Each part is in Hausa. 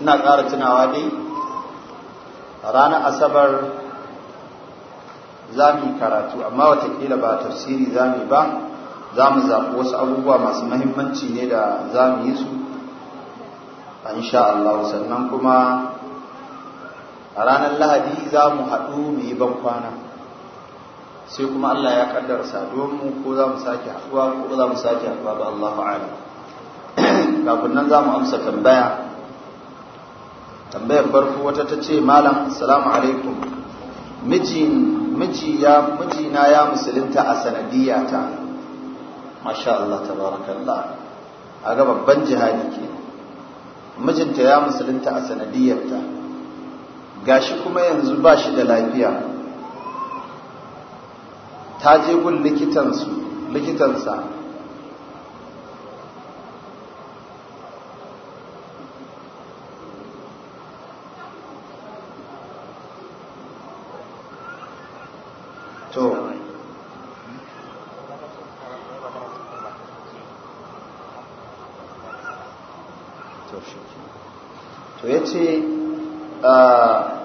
ina ƙara tunawa dai ranar asabar za mu yi karatu amma watakila ba tafsiri za mu ba za mu zaɓi wasu abubuwa masu mahimmanci ne da za mu yi su sha Allah sannan kuma a ranar lahadi za mu haɗu mu yi ban kwana sai kuma Allah ya kaddara mu ko za mu sake haɗuwa ko za mu sake haɗuwa ba Allah kafin nan za mu amsa tambaya tambayar farko wata ta ce malam assalamu alaikum miji ya mijina ya musulunta a sanadiyata masha Allah tabarakallah a ga babban jihadi ke mijinta ya musulunta a sanadiyarta gashi kuma yanzu ba shi da lafiya ta je gun likitansa ce ah,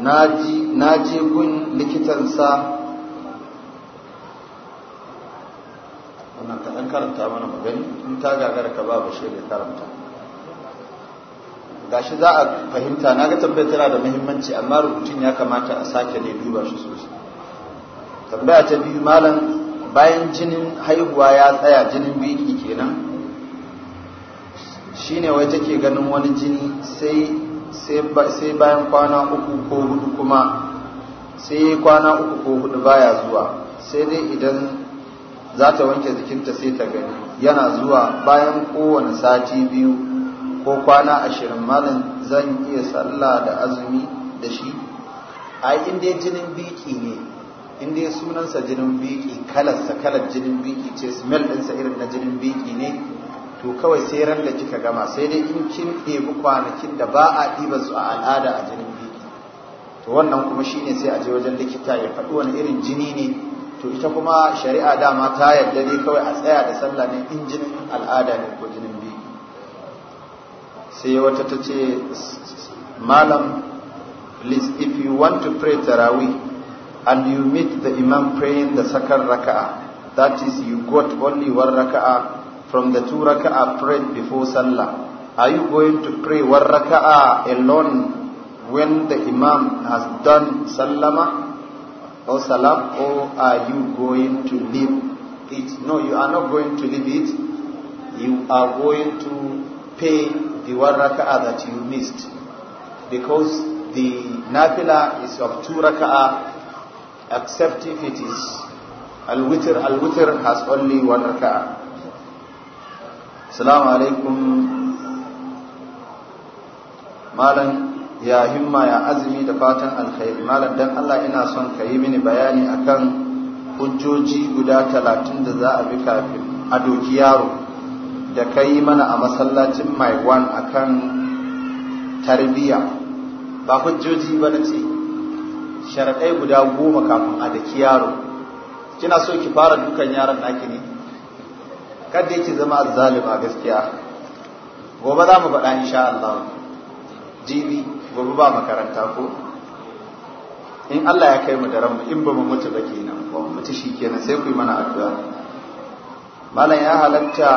na je gun likitansa wannan kaɗan karanta mana magani in ta gagara ka ba bashe da karanta gashi za a fahimta na ga tambayar tana da muhimmanci amma rubutun ya kamata a sake ne duba shi sosai tambaya ta biyu malam bayan jinin haihuwa ya tsaya jinin biki Shi ne wai ke ganin wani jini sai bayan kwana uku ko hudu kuma sai kwana uku ko hudu baya zuwa sai dai idan za ta wanke jikinta sai ta gani yana zuwa bayan kowane sati biyu ko kwana ashirin malam zan iya sallah da azumi da shi a inda jinin biki ne inda sunansa jinin biki kalarsa kalar jinin biki ce smell ɗinsa irin na jinin biki ne to kawai sai ran da kika gama sai dai in kin ɗebi kwanakin da ba a ɗiba su a al'ada a jinin biki to wannan kuma shine sai a je wajen likita ya faɗi wani irin jini ne to ita kuma shari'a dama ta yarda dai kawai a tsaya da sallah ne in jinin al'ada ne ko jinin biki sai wata ta ce malam please if you want to pray tarawih and you meet the imam praying the second raka'a that is you got only one raka'a from the two raka'ah prayed before Salah? Are you going to pray one raka'ah alone when the Imam has done Sallama or Salam or are you going to leave it? No, you are not going to leave it. You are going to pay the one raka'ah that you missed because the nafila is of two raka'ah except if it is al-witr. Al-witr has only one raka'ah. salamu alaikum malam ya himma ya azumi da fatan alkhairi malam dan Allah ina son ka yi mini bayani akan hujjoji guda talatin da za a bi kafin a doki yaro da ka yi mana a masallacin maiwan akan tarbiyya ba hujjoji ba na ce sharaɗai guda goma kafin a doki yaro kina so ki fara dukan yaron naki ne kada yake zama azzalima gaskiya gobe za mu faɗa insha Allah jibi gobe ba makaranta ko in Allah ya kai mu da ranmu in ba mu mutu ba kenan ba mu mutu shi kenan sai ku yi mana addu'a malam ya halatta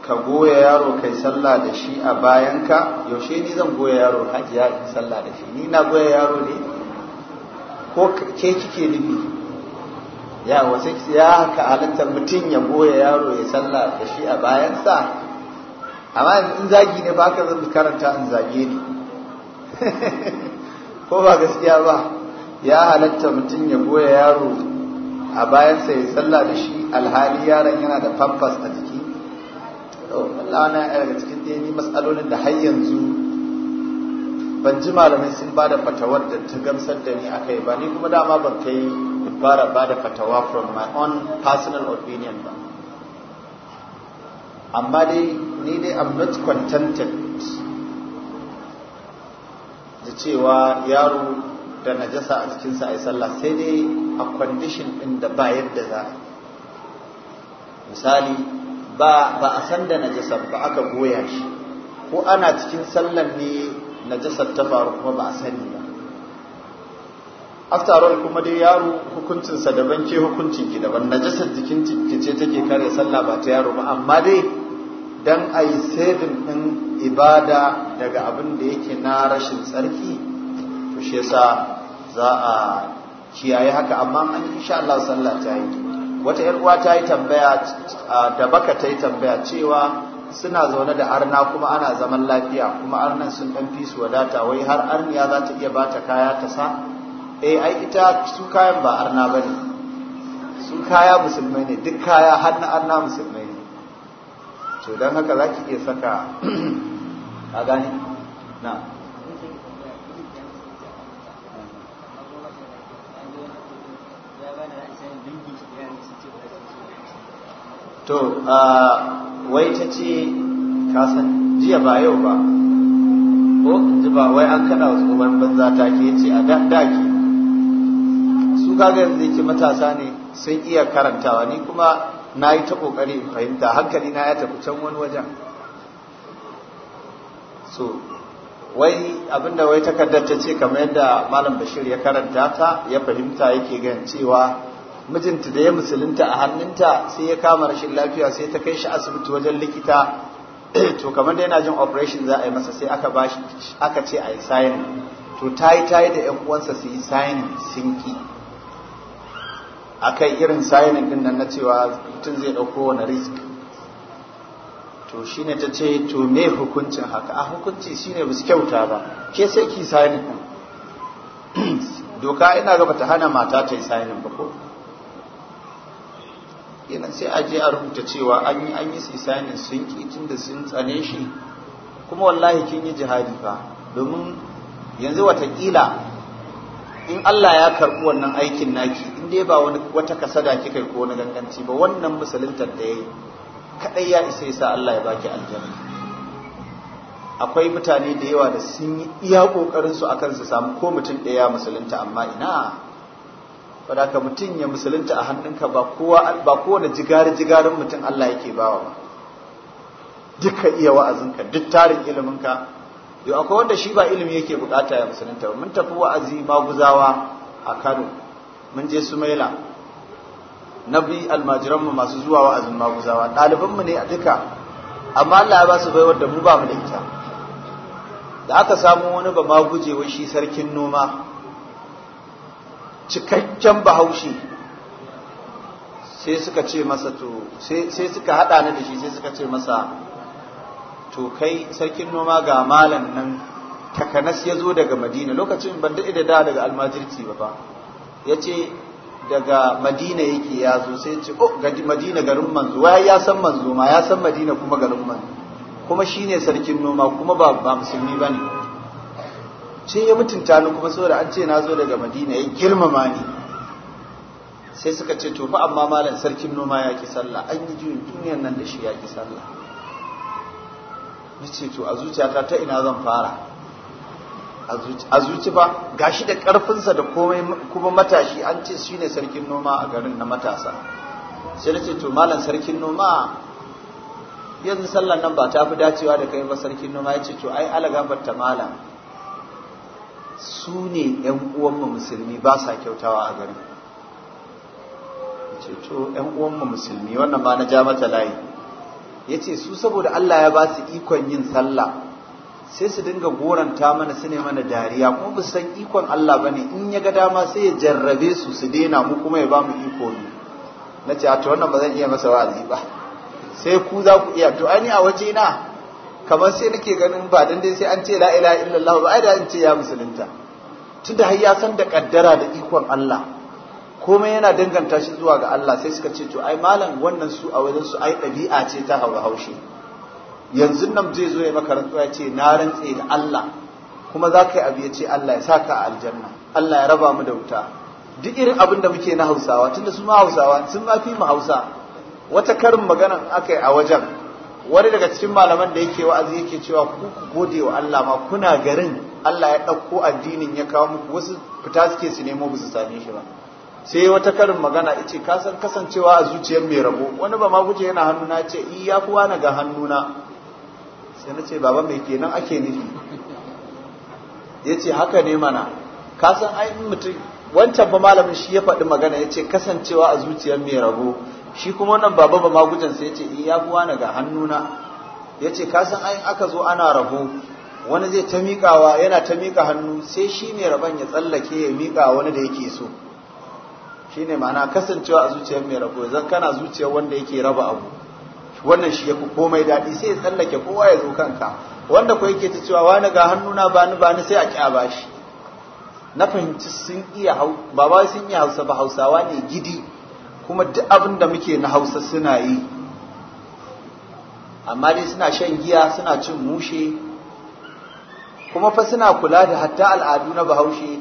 ka goya yaro kai sallah da shi a bayanka yaushe ni zan goya yaro hajiya in sallah da shi ni na goya yaro ne ko ke kike nufi ya wasu ya haka halitta mutum ya goya yaro ya sallah da shi a bayansa amma in zagi ne ba ka zan karanta in zage ni ko ba gaskiya ba ya halatta mutum ya goya yaro a bayansa ya salla da shi alhali yaron yana da pampas a jiki Allah na daga cikin da ni matsalolin da har yanzu ban ji malamai sun ba da fatawar da ta gamsar da ni a kai ba ni kuma dama ban kai fara ba da fatawa from my own personal opinion ba amma dai ni dai am not contented da cewa yaro da najasa a cikinsa a yi sallah sai dai a condition ɗin da ba yadda za misali ba a san da najasa ba aka goya shi ko ana cikin sallan ne najasar ta faru kuma ba a sani ba aftarar kuma dai yaro hukuncinsa daban ke hukuncin ki daban najasar jikin ki ce take kare sallah ba ta yaro ba amma dai dan ai saving din ibada daga abin da yake na rashin tsarki to shi yasa za a kiyaye haka amma an insha Allah sallah ta yi wata ‘yar uwa ta yi tambaya da baka ta yi tambaya cewa suna zaune da arna kuma ana zaman lafiya kuma arnan sun ɗan fi su wadata wai har arniya za ta iya bata kaya ta sa eh ai ita su kayan ba arna bane su kaya musulmai ne duk kaya har na arna musulmai ne to don haka za iya saka a gani na to wai ta ce kasan jiya ba yau ba ko ji ba wai an kada wasu ban banza ta ke ce a da daki kaga yanzu yake matasa ne sun iya karantawa ni kuma na yi ta ƙoƙari in fahimta hankali na ya tafi can wani wajen so wai abinda wai takardar ta ce kamar yadda malam bashir ya karanta ta ya fahimta yake gan cewa mijinta da ya musulunta a hannunta sai ya kama rashin lafiya sai ta kai shi asibiti wajen likita to kamar da yana jin operation za a yi masa sai aka bashi aka ce a yi signing to ta yi ta yi da 'yan uwansa su yi signing sun ki a kai irin sayanin din nan na cewa mutum zai ɗauko wani risk to shine ta ce to me hukuncin haka a hukunci shine ba su kyauta ba ke sai ki sayanin din doka ina ga bata hana mata ta yi sayanin ba ko yana sai a je a rubuta cewa an yi an yi sayanin sun ki tunda sun tsane shi kuma wallahi kin yi jihadi fa domin yanzu watakila in Allah ya karɓi wannan aikin naki in dai ba wani wata kasada kika ko wani ganganci ba wannan musuluntar da yayi kadai ya isa yasa Allah ya baki aljanna akwai mutane da yawa da sun yi iya kokarin su akan su samu ko mutum ɗaya musulunta amma ina ka mutum ya musulunta a hannunka ba kowa ba kowane jigari jigarin mutum Allah yake bawa ba duka iya wa'azinka duk tarin iliminka yau akwai wanda shi ba ilimi yake bukata ya musulunta ba mun tafi wa'azi maguzawa a kano mun je sumaila na bi almajiranmu masu zuwa wa'azin maguzawa ɗalibanmu ne a duka amma allah ya ba su baiwar da mu ba mu da ita da aka samu wani ba maguje wa shi sarkin noma cikakken bahaushe sai suka ce masa to sai suka haɗa ni da shi sai suka ce masa to kai sarkin noma ga malam nan takanas ya zo daga madina lokacin ban daɗe da da daga almajirci ba fa ya ce daga madina yake ya zo sai ce oh ga madina garin manzo wai ya san manzo ma ya san madina kuma garin manzo kuma shine sarkin noma kuma ba ba musulmi bane ce ya mutunta ni kuma saboda an ce na zo daga madina ya girmama ni sai suka ce to fa amma malam sarkin noma ya ki sallah an yi juyin duniyar nan da shi ya ki sallah nace to a zuciyata ta ina zan fara a zuci ba gashi da karfinsa da komai kuma matashi an ce shine sarkin noma a garin na matasa sai nace to malam sarkin noma yanzu sallan nan ba ta fi dacewa da kai ba sarkin noma yace ce to ai alagabar ta malam su ne ‘yan uwanmu musulmi ba sa kyautawa a garin ce to ‘yan uwanmu musulmi wannan ba na ja mata layi Ya ce su saboda Allah ya ba su ikon yin sallah sai su dinga goranta mana su ne mana dariya kuma ba san ikon Allah ba ne in ya ga dama sai ya jarrabe su su daina mu kuma ya ba mu iko ne ce a to wannan ba zan iya masa wa'azi ba sai ku za ku iya to ani a waje na kamar sai nake ganin ba dan dai sai an ce la ilaha illallah ba ai da an ce ya musulunta tunda har ya san da kaddara da ikon Allah komai yana danganta shi zuwa ga Allah sai suka ce to ai malam wannan su a wajen su ai dabi'a ce ta haura haushi yanzu nan zai zo ya maka rantsuwa ce na rantse da Allah kuma za ka yi abu ya ce Allah ya saka a aljanna Allah ya raba mu da wuta duk irin abin da muke na Hausawa tunda su ma Hausawa sun ma fi mu Hausa wata karin magana aka a wajen wani daga cikin malaman da yake wa'azi yake cewa ku ku gode wa Allah ma kuna garin Allah ya ɗauko addinin ya kawo muku wasu fita suke su nemo ba su same shi ba sai wata karin magana ita ka san kasancewa a zuciyar mai rabo wani ba ma guje yana hannuna ce iya eh, ya kuwa na ga hannuna sai na ce baba mai kenan ake nufi ya ce haka ne mana ka san ai mutum wancan ba malamin shi ya faɗi magana ya ce kasancewa a zuciyar mai rabo shi kuma wannan baba ba magujan sai ya ce iya eh, ya kuwa na ga hannuna ya ce ka san ai aka zo ana rabo wani zai ta miƙawa yana ta miƙa hannu sai shi mai raban ya tsallake ya miƙa wani da yake so shine ma'ana kasancewa a zuciyar mai rabo zan kana zuciyar wanda yake raba abu wannan shi yafi komai daɗi sai ya tsallake kowa ya zo kanka wanda ko yake ta cewa wani ga hannuna bani bani sai a ƙya bashi na fahimci sun iya ba ba sun iya hausa ba hausawa ne gidi kuma duk abin da muke na hausa suna yi amma dai suna shan giya suna cin mushe kuma fa suna kula da hatta al'adu na bahaushe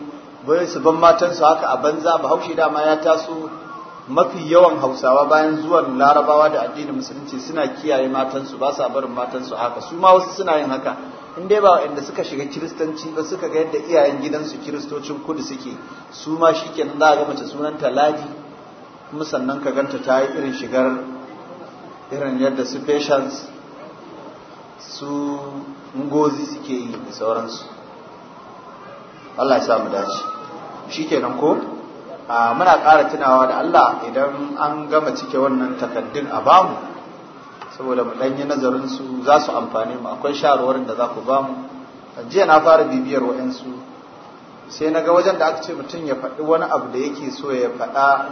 wai su ban matansu haka a banza bahaushe dama ya taso mafi yawan hausawa bayan zuwan larabawa da addinin musulunci suna kiyaye matansu ba sa barin matansu haka su ma wasu suna yin haka in dai ba inda suka shiga kiristanci ba suka ga yadda iyayen gidansu kiristocin kudu suke su ma shi ke za a ga mace sunanta ladi kuma sannan ka ganta ta yi irin shigar irin yadda su patients su ngozi suke yi da sauransu Allah ya samu dace shikenan ko muna ƙara tunawa da Allah idan an gama cike wannan takaddun a bamu saboda mu ɗanyi nazarin su za su amfani mu akwai shawarwarin da za ku bamu jiya na fara bibiyar wa'ansu sai na ga wajen da aka ce mutum ya faɗi wani abu da yake so ya faɗa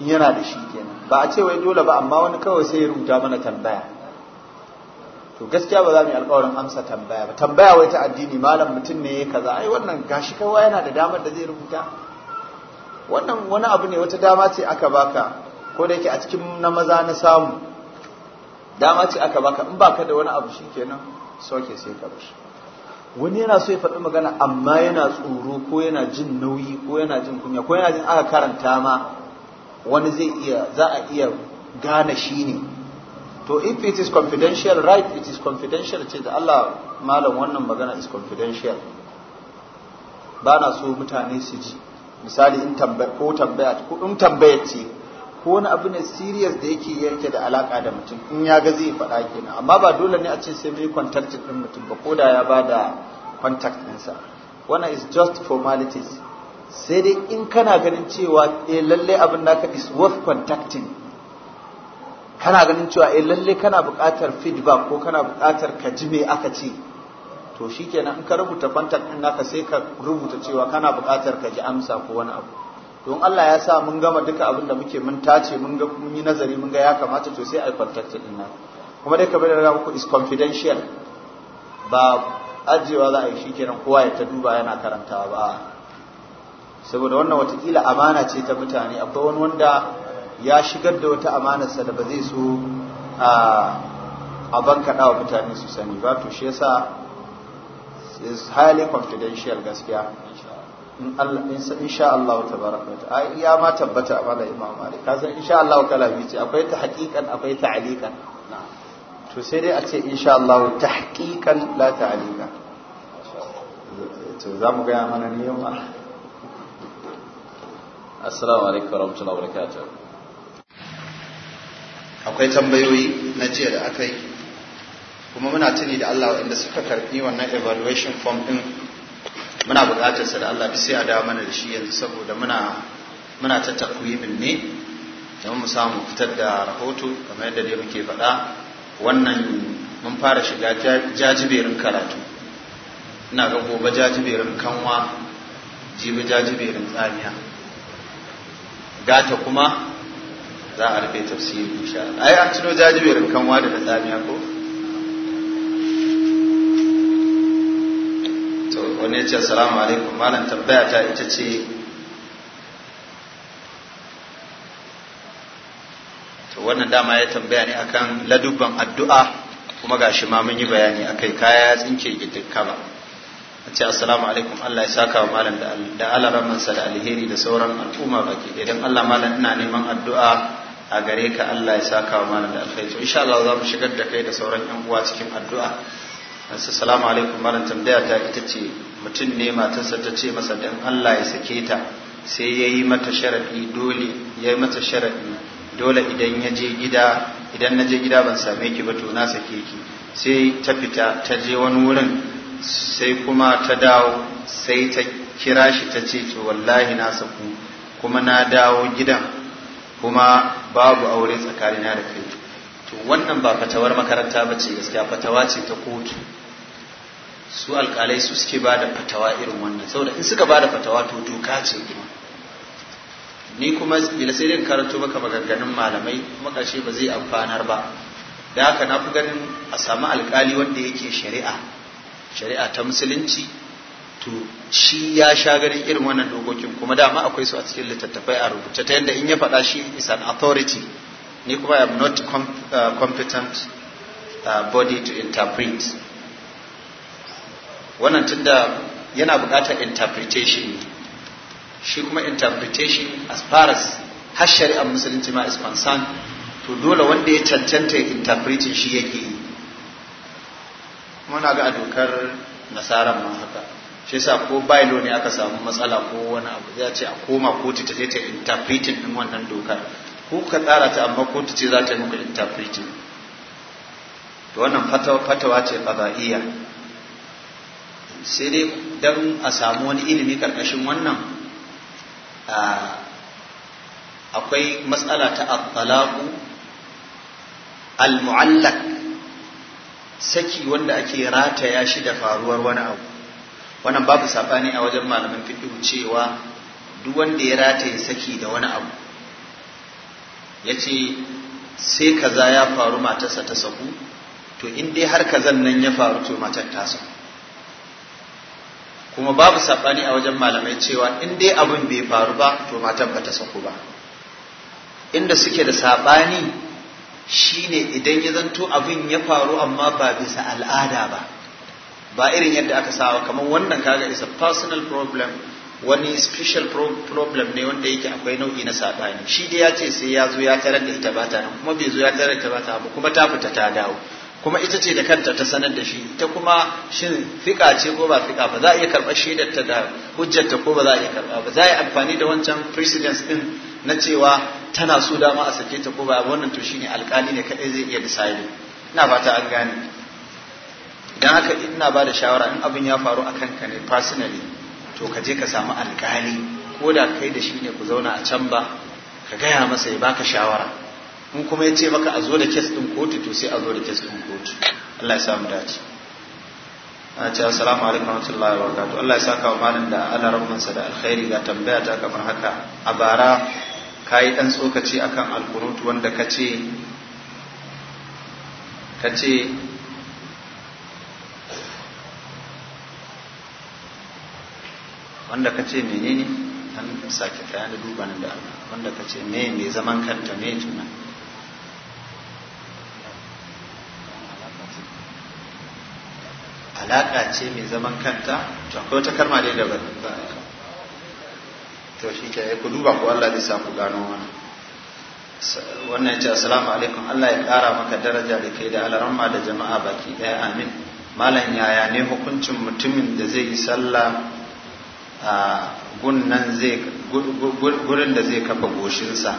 in yana da shi kenan ba a ce wai dole ba amma wani kawai sai ya rubuta mana tambaya to gaskiya ba za mu yi alƙawarin amsa tambaya ba tambaya wai ta addini malam mutum ne kaza ai wannan gashi kowa yana da damar da zai rubuta wannan wani abu ne wata dama ce aka baka ko da yake a cikin na maza na samu dama ce aka baka in baka da wani abu shikenan soke sai ka bashi wani yana so ya faɗi magana amma yana tsoro ko yana jin nauyi ko yana jin kunya ko yana jin aka karanta ma wani zai iya za a iya gane shi ne to if it is confidential right it is confidential ce da Allah malam wannan magana is confidential ba na so mutane su ji misali in tambaya ko tambaya ko in tambaya ce ko wani abu ne serious da yake yake da alaka da mutum in ya ga zai faɗa kenan amma ba dole ne a ce sai mai contact din mutum ba koda ya ba da contact ɗinsa wannan is just formalities sai dai in kana ganin cewa eh lalle abin naka is worth contacting kana ganin cewa eh lalle kana buƙatar feedback ko kana buƙatar ka ji me aka ce to shikenan in ka rubuta kwantar din naka sai ka rubuta cewa kana buƙatar ka ji amsa ko wani abu don Allah ya sa mun gama duka abin da muke mun tace mun ga mun yi nazari mun ga ya kamata to sai a contact din na kuma dai ka kamar da muku is confidential ba ajewa za a yi shikenan kowa ya ta duba yana karantawa ba saboda wannan watakila amana ce ta mutane akwai wani wanda ya shigar da wata amanarsa da ba zai so a bankaɗa wa mutane su sani ba to shi yasa is highly confidential gaskiya in sha Allah ta baraka ta ai ya ma tabbata amana imam malik ka san in sha Allah kala biyu ce akwai ta haqiqan akwai ta alika to sai dai a ce insha Allah ta haqiqan la ta alika to za mu ga mana ne yau ma assalamu alaikum warahmatullahi wabarakatuh akwai tambayoyi na jiya da aka yi kuma muna tuni da Allah inda suka karɓi wannan evaluation form ɗin muna buƙatar sa da Allah bi sai a dawo mana da shi yanzu saboda muna muna ta takwimin ne don mu samu fitar da rahoto kamar yadda dai muke faɗa wannan mun fara shiga jajiberin karatu ina ga gobe jajiberin kanwa jibi jajiberin tsamiya gata kuma za a rufe tafsiri insha Allah ai an ciro jajiberin kanwa da tsamiya ko to wani ya ce assalamu alaikum malam tambaya ta ita ce to wannan dama ya tambaya ne akan ladubban addu'a kuma gashi ma mun yi bayani akai kaya ya tsinke gidin ba a ce assalamu alaikum Allah ya saka wa malam da alaramansa da alheri da sauran al'umma baki idan Allah malam ina neman addu'a a gare ka Allah ya saka wa malam da alkhairi to insha Allah za mu shigar da kai da sauran yan uwa cikin addu'a assalamu alaikum malam tambaya ta ita ce mutum ne matarsa ta ce masa dan Allah ya sake ta sai yayi mata sharadi dole yayi mata sharadi dole idan ya je gida idan na je gida ban same ki ba to na sake ki sai ta fita ta je wani wurin sai kuma ta dawo sai ta kira shi ta ce to wallahi na saku kuma na dawo gidan kuma babu aure tsakanina da kai to wannan ba fatawar makaranta ba ce gaskiya fatawa ce ta kotu su alkalai su suke ba da fatawa irin wannan saboda in suka ba da fatawa to doka ce kuma ni kuma bila sai dai karanto maka maganganun malamai kuma ƙarshe ba zai amfanar ba da haka na fi ganin a samu alkali wanda yake shari'a shari'a ta musulunci to shi ya sha ganin irin wannan dokokin kuma dama akwai su a cikin littattafai a rubuce ta yadda in ya faɗa shi is an authority ni kuma am not uh, competent uh, body to interpret wannan tunda yana buƙatar interpretation shi kuma interpretation as far as har shari'ar musulunci ma is concerned to dole wanda ya cancanta ya interpretin shi yake yi muna ga a dokar nasarar ma haka shi yasa ko bailo ne aka samu matsala ko wani abu ya ce a koma kotu ta je ta interpreting din wannan dokar ko ka tsara ta amma kotu ce za ta yi muku interpreting to wannan fatawa ce qada'iyya sai dai don a samu wani ilimi karkashin wannan akwai matsala ta al talaqu al muallak saki wanda ake rataya shi da faruwar wani abu wannan babu sabani a wajen malamin fiqh cewa duk wanda ya rataye saki da wani abu yace sai kaza ya faru matarsa ta saku to in dai har kazan nan ya faru to matar ta saku kuma babu sabani a wajen malamai cewa in dai abin bai faru ba to matar ba ta saku ba inda suke da sabani shine idan ya zanto abin ya faru amma ba bisa al'ada ba ba irin yadda aka sawa kamar wannan kaga is a personal problem wani special problem ne wanda yake akwai nau'i na saɓani shi dai ya ce sai ya zo ya tarar da ita ba kuma bai zo ya tarar da ita ba ta ba kuma ta fita ta dawo kuma ita ce da kanta ta sanar da shi ta kuma shin fika ce ko ba fika ba za a iya karɓar shaidar ta da hujjarta ko ba za a iya karɓa ba za a yi amfani da wancan precedence din na cewa tana so dama a sake ta ko ba wannan to shine alƙali ne kaɗai zai iya decide ina fata an gane dan haka ina ba da shawara in abin ya faru a kanka ne personally to ka je ka samu alkali ko da kai da shi ne ku zauna a can ba ka gaya masa ya baka shawara in kuma ya ce maka a zo da kes ɗin kotu to sai a zo da kes ɗin kotu Allah ya sa mu dace a ce assalamu alaikum warahmatullahi wabarakatuh Allah ya saka wa malam da alarabun sa da alkhairi ga tambaya ta kamar haka a bara kayi dan tsokaci akan alqunut wanda kace kace wanda ka ce menene an sake kaya da duba nan da Allah wanda ka ce me mai zaman kanta me tuna alaƙa ce mai zaman kanta to akwai wata kalma dai da ba to shi ke ku duba ko Allah zai sa ku gano wannan wannan ce assalamu alaikum Allah ya ƙara maka daraja da kai da alaramma da jama'a baki ɗaya amin malam yaya ne hukuncin mutumin da zai yi sallah gunnan zai gurin da zai kafa goshinsa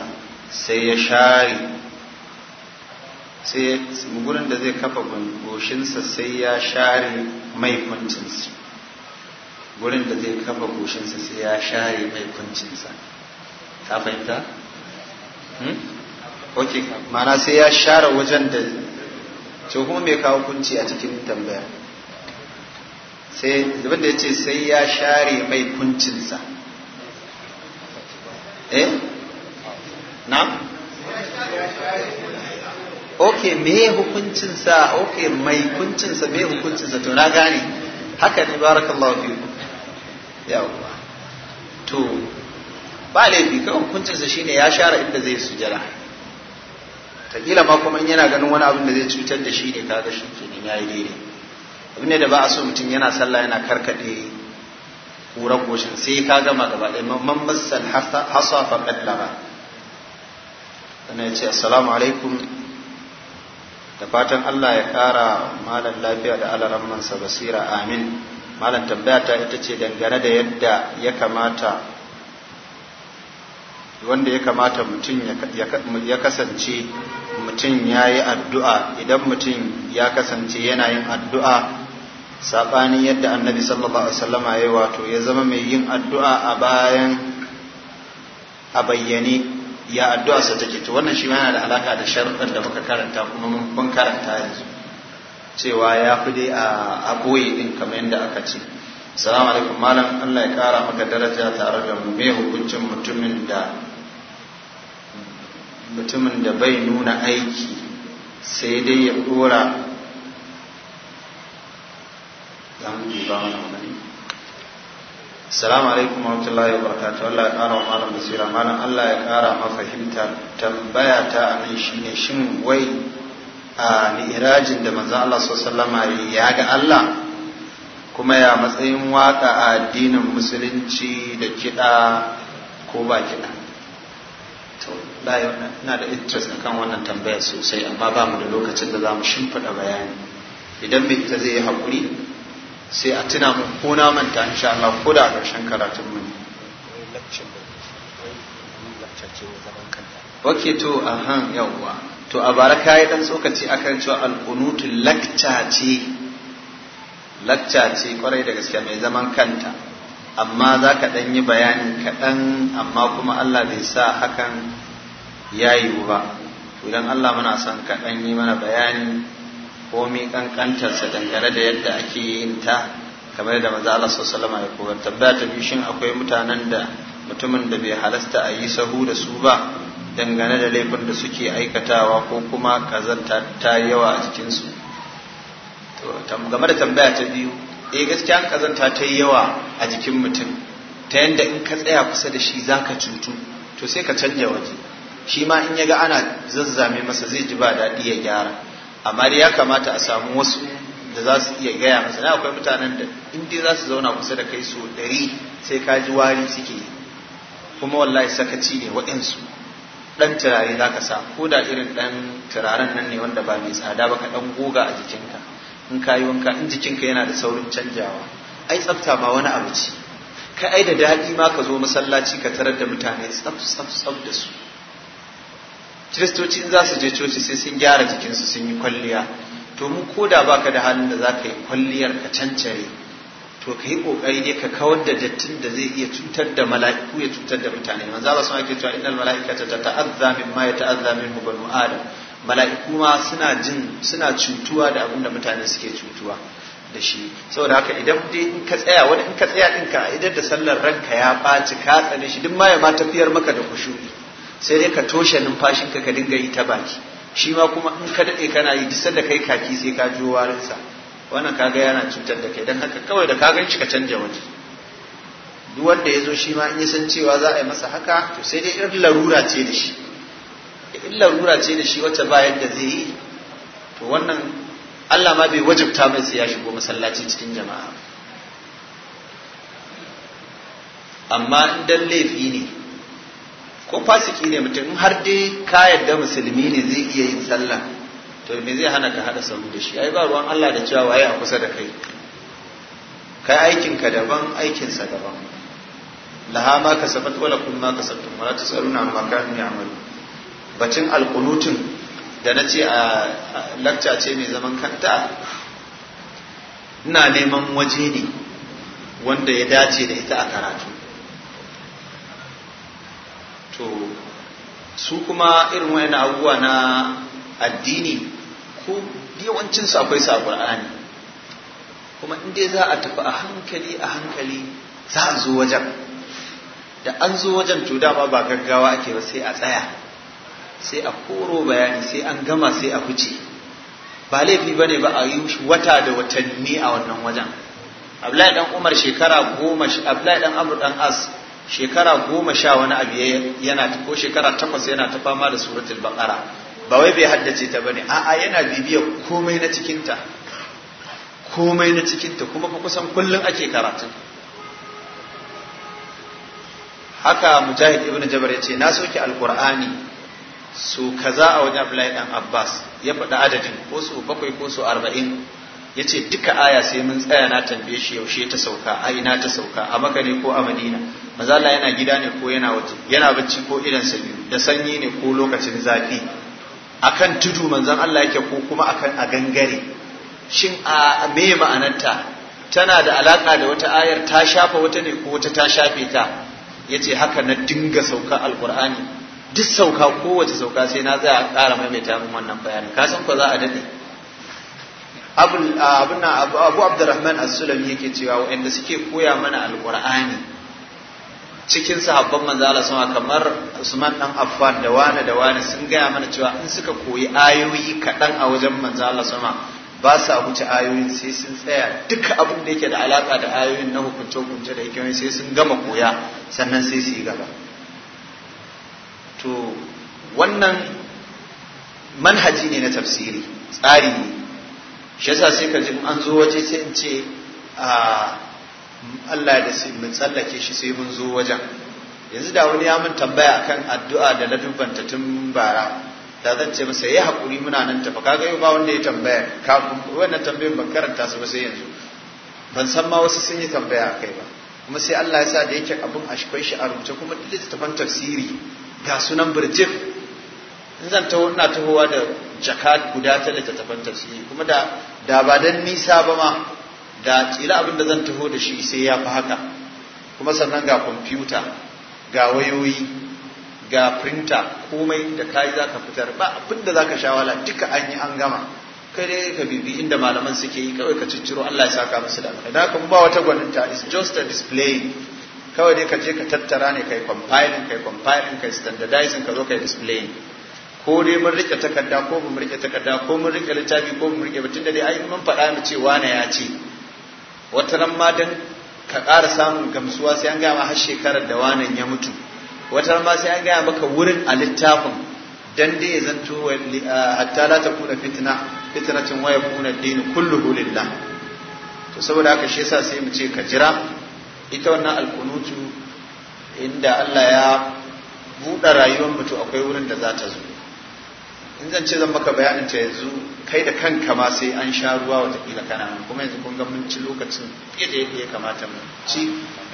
sai ya share sai gurin da zai kafa goshinsa sai ya share mai kuncinsa gurin da zai kafa goshinsa sai ya share mai kuncinsa ka fahimta? Hmm? ok mana sai ya share wajen da ce kuma mai kawo kunci a cikin tambaya sai zubin da ya ce sai ya share mai kuncinsa eh na ok mai hukuncinsa ok mai kuncinsa mai hukuncinsa to na gane haka ne barakallahu fi yawwa to ba laifi kawai hukuncinsa shine ya share inda zai sujara ta kila ma kuma yana ganin wani abin da zai cutar da shi ne ga shi kenan yayi daidai abin da ba a so mutum yana sallah yana karkade kurar goshin sai ka gama gaba ɗaya mamman masal hasa fa laba sannan ya ce assalamu alaikum da fatan Allah ya kara malam lafiya da alarammansa basira amin malam tambaya ta ita ce dangane da yadda ya kamata wanda ya kamata mutum ya kasance mutum ya yi addu'a idan mutum ya kasance yana yin addu'a sabanin yadda annabi sallallahu alaihi wasallama ya wato ya zama mai yin addu'a a bayan a bayyane ya addu'a sa take to wannan shi yana da alaka da sharuɗan da muka karanta kuma mun karanta yanzu cewa ya fi dai a koyi din kamar yadda aka ce salamu alaikum malam Allah ya kara maka daraja tare da mu me hukuncin mutumin da mutumin da bai nuna aiki sai dai ya dora za mana assalamu alaikum wa rahmatullahi wa barakatuh Allah ya kara wa malam basira malam Allah ya kara ma fahimta tambaya ta anan shine shin wai a ni'irajin da manzon Allah sallallahu alaihi ya ga Allah kuma ya matsayin waka a addinin musulunci da kiɗa ko ba kiɗa to na da interest akan wannan tambaya sosai amma ba mu da lokacin da za mu shimfiɗa bayani idan mai ta zai yi hakuri. sai a tuna mu ko na manta insha Allah ko da a ƙarshen karatun mu Wake to a han yawwa to a bara kayi dan tsokaci akan cewa alqunutu lakta ce lakta ce kwarai da gaske mai zaman kanta amma za ka dan yi bayani kaɗan amma kuma Allah bai sa hakan ya yiwu ba to idan Allah muna son ka dan yi mana bayani komi kankantarsa dangane da yadda ake yin ta kamar da maza Allah sallama ya koyar tabbata biyu shin akwai mutanen da mutumin da bai halasta a yi sahu da su ba dangane da laifin da suke aikatawa ko kuma kazanta ta yawa a jikinsu to game da tambaya ta biyu eh gaskiya kazanta ta yawa a jikin mutum ta yanda in ka tsaya kusa da shi zaka cutu to sai ka canja waje shi ma in ya ga ana zazzame masa zai ji ba daɗi ya gyara amma dai ya kamata a samu wasu da za su iya gaya masa na akwai mutanen da in dai za su zauna kusa da kai so ɗari sai ka ji wari suke yi kuma wallahi sakaci ne waɗansu ɗan turare za ka sa ko da irin ɗan turaren nan ne wanda ba mai tsada ba ka ɗan goga a jikinka in ka yi wanka in jikinka yana da saurin canjawa ai tsafta ma wani abu ce ka ai da daɗi ma ka zo masallaci ka tarar da mutane tsaf tsaf tsaf da su kiristoci in za su je coci sai sun gyara jikinsu sun yi kwalliya to mu ko da baka da halin da za ka yi kwalliyar ka cancare to ka yi kokari ne ka kawar da dattin da zai iya cutar da mala'iku ya cutar da mutane manzo Allah sun ake cewa innal mala'ikata tata'azza mimma yata'azza minhu banu adam mala'iku ma suna jin suna cutuwa da abin mutane suke cutuwa da shi saboda haka idan dai in ka tsaya wani in ka tsaya din ka idan da sallar ranka ya ɓaci ka tsane shi duk ma ya ma tafiyar maka da kushuri sai dai ka toshe numfashin ka ka dinga yi ta baki shi ma kuma in ka daɗe kana yi duk da kai kaki sai ka jiwo warinsa wannan kaga yana cutar da kai don haka kawai da ka shi ka canja waje duk wanda ya zo shi ma in ya san cewa za a yi masa haka to sai dai irin larura ce da shi irin larura ce da shi wacce ba yadda zai yi to wannan Allah ma bai wajabta mai sai ya shigo masallaci cikin jama'a amma in dan laifi ne ko fasiki ne mutum har dai ka yadda musulmi ne zai iya yin sallah to me zai hana ka hada sahu da shi ai ba ruwan Allah da cewa waye a kusa da kai kai aikin ka daban aikin sa daban laha ma kasabat wala kun ma kasabtum wala tusaluna amma kanu ya'malu bacin alqunutun da nace a lakta ce mai zaman kanta ina neman waje ne wanda ya dace da ita a karatu to su kuma irin wani abubuwa na addini ko yawancin su akwai su a Qur'ani kuma inda za a tafi a hankali a hankali za a zo wajen da an zo wajen to dama ba gaggawa ake ba sai a tsaya sai a koro bayani sai an gama sai a huce ba laifi ba ne ba a yi wata da watanni a wannan wajen Abdullahi dan Umar shekara goma Abdullahi dan Amr dan As shekara goma sha wani abu yana ko shekara takwas yana ta fama da suratul baqara ba wai bai haddace ta bane a'a yana bibiya komai na cikinta komai na cikinta kuma fa kusan kullun ake karatu. haka mujahid ibn jabar ya ce na soke alqur'ani su kaza a wajen abdullahi dan abbas ya faɗi adadin ko su bakwai ko su arba'in ya ce duka aya sai mun tsaya na tambaye shi yaushe ta sauka a ina ta sauka a maka ne ko a madina mazala yana gida ne ko yana waje yana bacci ko idan sa biyu da sanyi ne ko lokacin zafi akan tudu manzon Allah yake ko kuma akan a gangare shin a me ma'anarta tana da alaka da wata ayar ta shafa wata ne ko wata ta shafe ta yace haka na dinga sauka alqur'ani duk sauka kowace sauka sai na tsaya a ƙara maimaita min wannan bayanin kasan ko za a dade Ah, abu abdurrahman as-sulami yake cewa wanda suke koya mana alƙur'ani cikin sahabban manzo Allah sama kamar Usman dan Affan da wani da wani sun gaya mana cewa in suka koyi ayoyi kaɗan a wajen manzo Allah sama ba su huce ayoyin sai sun tsaya duka abin da yake da alaka da ayoyin na hukunce hukunce da yake sai sun gama koya sannan sai su yi gaba to wannan manhaji ne na tafsiri tsari ne shi yasa sai ka ji an zo waje sai in ce a ah, Allah da sai mun tsallake shi sai mun zo wajen yanzu da wani ya mun tambaya akan addu'a da na dubanta tun bara da zan ce masa yayi hakuri muna nan tafa kaga yau ba wanda ya tambaya kafin wannan tambayin ban karanta su ba sai yanzu ban san ma wasu sun yi tambaya kai ba kuma sai Allah ya sa da yake abun a shi a rubuce kuma duk littattafan tafsiri ga sunan birjif in zan taho ina tahowa da jaka guda ta littattafan shi kuma da da ba dan nisa ba ma da tsira abin da zan taho da shi sai ya fi haka kuma sannan ga kwamfuta ga wayoyi ga printer komai da kai za ka fitar ba abin da za ka shawala duka an yi an gama kai dai ka bibi inda malaman suke yi kawai ka cicciro Allah ya saka musu da alkhairi haka ba wata gwaninta is just a display kawai dai ka je ka tattara ne kai compiling kai compiling kai standardizing ka zo kai displaying ko dai mun rike takarda ko mun rike takarda ko mun rike littafi ko mun rike batun da dai ai mun faɗa mu ce wane ya ce wata ran ma dan ka ƙara samun gamsuwa sai an gaya ma har shekarar da wanan ya mutu wata ran ma sai an gaya maka wurin a littafin dan dai ya zanto hatta la kuna fitna fitnatin waya kuna ad kulluhu lillah to saboda haka shi yasa sai mu ce ka jira ita wannan alkunutu inda Allah ya buɗe rayuwar mutu akwai wurin da za ta zo in zan ce zan maka bayanin ta yanzu kai da kanka ma sai an sha ruwa watakila kana kuma yanzu kun ga mun ci lokacin fiye da yadda ya kamata mu ci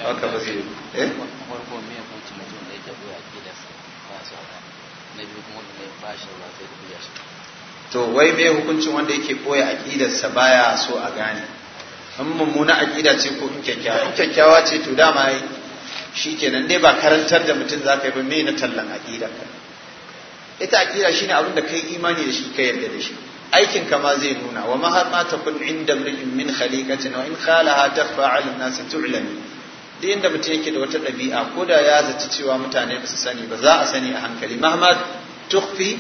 haka ba zai eh farko me ya kunci mutum da yake buya gidan ba su haka na biyu kuma da ba shi ba sai da buya shi to wai me hukuncin wanda yake boye aqidarsa baya so a gane in mummuna aqida ce ko in kyakkyawa in kyakkyawa ce to dama kenan dai ba karantar da mutum zaka yi ba me na tallan aqidar ka ita shi shine abin da kai imani da shi ka yarda da shi aikin ka ma zai nuna wa mahamma ta takun inda min khaliqatin wa in khalaha takhfa 'ala an-nas tu'lam duk inda mutum yake da wata dabi'a ko da ya zaci cewa mutane ba su sani ba za a sani a hankali mahmad tukhfi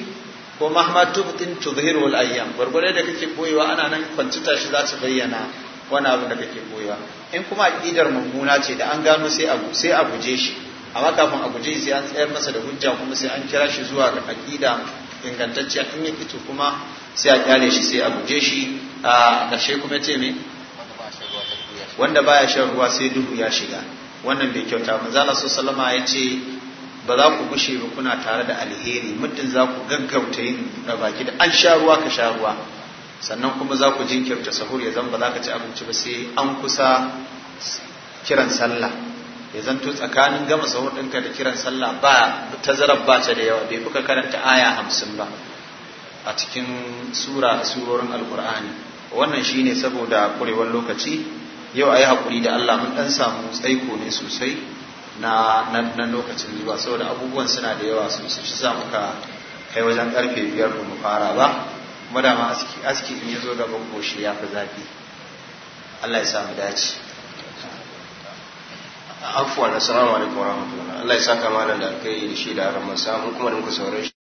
ko mahmad tubtin tudhiru al-ayyam gurgure da kake koyewa ana nan kwantuta shi za su bayyana wani abu da kake koyewa in kuma aqidar mummuna ce da an gano sai a sai a guje shi amma kafin a guje sai an tsayar masa da hujja kuma sai an kira shi zuwa ga aqida ingantacciya in ya fito kuma sai a kyale shi sai a guje shi a ƙarshe kuma ce me wanda baya shan ruwa sai duhu ya shiga wannan bai kyauta na so sallama ya ce ba za ku gushe ba kuna tare da alheri muddin za ku gaggauta yin da baki da an sha ruwa ka sha ruwa sannan kuma za ku jinkirta sahur ya zan ba za ka ci abinci ba sai an kusa kiran sallah ya zanto tsakanin gama sahur ɗinka da kiran sallah ba tazarar ba ta da yawa bai buka karanta aya hamsin ba a cikin sura a surorin alkur'ani wannan shi ne saboda kurewar lokaci yau a yi haƙuri da allah mun ɗan samu tsaiko ne sosai na lokacin zuwa saboda abubuwan suna da yawa sosai shi mu ka kai wajen karfe biyar mu fara ba kuma aski in ya zo gaban goshi ya fi zafi allah ya samu dace na salamu alaikum warahmatullahi Allah ya saka malam da alkai shi da aramansa mun kuma da muka saurare